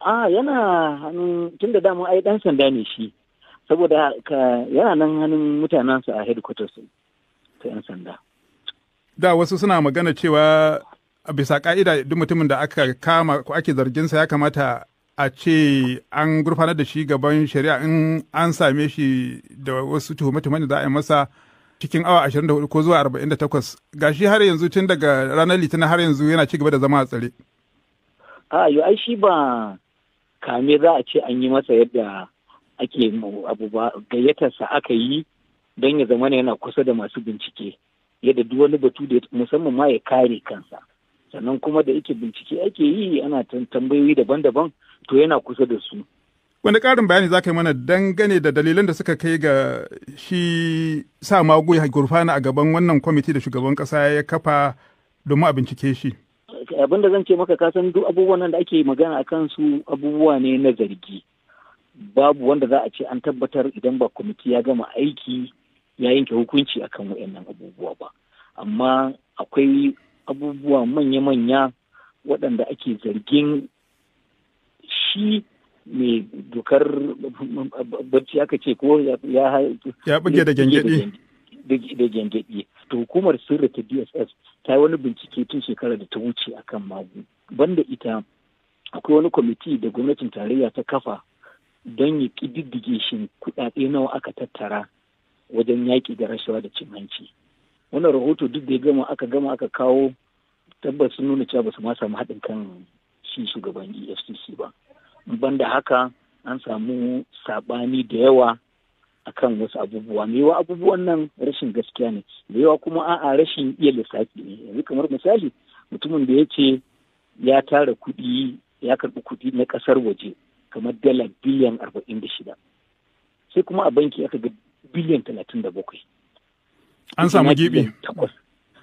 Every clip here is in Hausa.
a yana hannun tun da dama ai dan sanda ne shi saboda ka yana nan hannun mutanensu a headquarters ta yan sanda da wasu suna magana cewa bisa ka'ida duk mutumin da aka kama ko ake zarginsa ya kamata a ce an gurfanar da shi gaban shari'a in an same shi da wasu tuhume-tuhumen da za a yi masa cikin awa 24 ko zuwa 48 gashi har yanzu tun daga ranar litinin har yanzu yana ci gaba da zama a tsare. a yi ai shi ba kame za a ce an yi masa yadda ake abu ba gayyatarsa aka yi don ya zama yana kusa da masu bincike yadda duk wani batu da musamman ma ya kare kansa sannan kuma da yake bincike ake yi ana tambayoyi daban-daban to yana kusa da su wanda ƙarin bayani za ka yi mana dangane da dalilan da suka kai ga shi sa magoya gurfana a gaban wannan kwamiti da shugaban ƙasa ya kafa domin a bincike shi. abinda zan ce maka kasan duk abubuwan nan da ake magana a kansu abubuwa ne na zargi babu wanda za a ce an tabbatar idan ba kwamiti ya gama aiki ya yanke hukunci akan waɗannan abubuwa ba amma akwai abubuwa manya-manya waɗanda ake zargin shi mai dokar bacci aka ce ko ya ya buge da gyangyaɗi da gyangyaɗi to hukumar sirri ta dss ta yi wani bincike tun shekara da ta wuce akan magu banda ita akwai wani kwamiti da gwamnatin tarayya ta kafa don ya ƙididdige shi kuɗaɗe nawa aka tattara wajen yaƙi da rashawa da cin hanci wannan rahoto duk da ya gama aka gama aka kawo tabbas sun nuna cewa basu su ma samu haɗin kan shi shugaban efcc ba banda haka an samu saɓani da yawa akan wasu abubuwa me yawa abubuwan nan rashin gaskiya ne da yawa kuma a'a rashin iya lissafi ne yanzu kamar misali mutumin da ya ce ya tara kuɗi ya karɓi kuɗi na ƙasar waje kamar dala biliyan arba'in da shida sai kuma a banki aka ga biliyan talatin da bakwai an samu gibi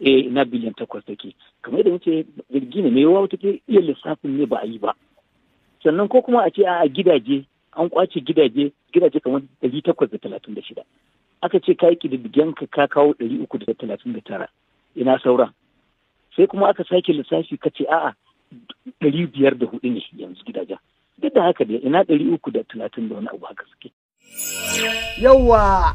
eh na biliyan takwas take kamar yadda muke jirgi ne mai yawa wata iya lissafin ne ba a yi ba sannan ko kuma a ce a gidaje an kwace gidaje gidaje kamar ɗari takwas da talatin da shida aka ce kayi ƙididdigen ka ka kawo ɗari uku da talatin da tara ina sauran sai kuma aka sake lissafi ka ce a'a ɗari biyar da hudu ne yanzu gidajen duk da haka dai ina ɗari uku da talatin da wani abu haka suke. Yawwa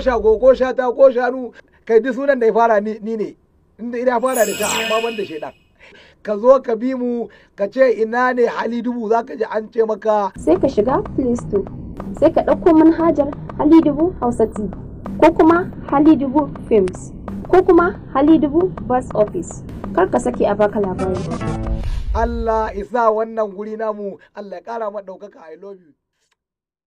ko shago ko shata ko shanu kai duk sunan da ya fara ni ne inda ina fara da ta amma ban da shaidan ka zo ka bi mu ka ce ina ne hali dubu za ka ji an ce maka sai ka shiga play store sai ka ɗauko manhajar hali dubu hausa T ko kuma hali dubu films ko kuma hali dubu bus office kar ka saki a baka labari Allah isa wannan guri namu Allah ya kara maɗaukaka I love you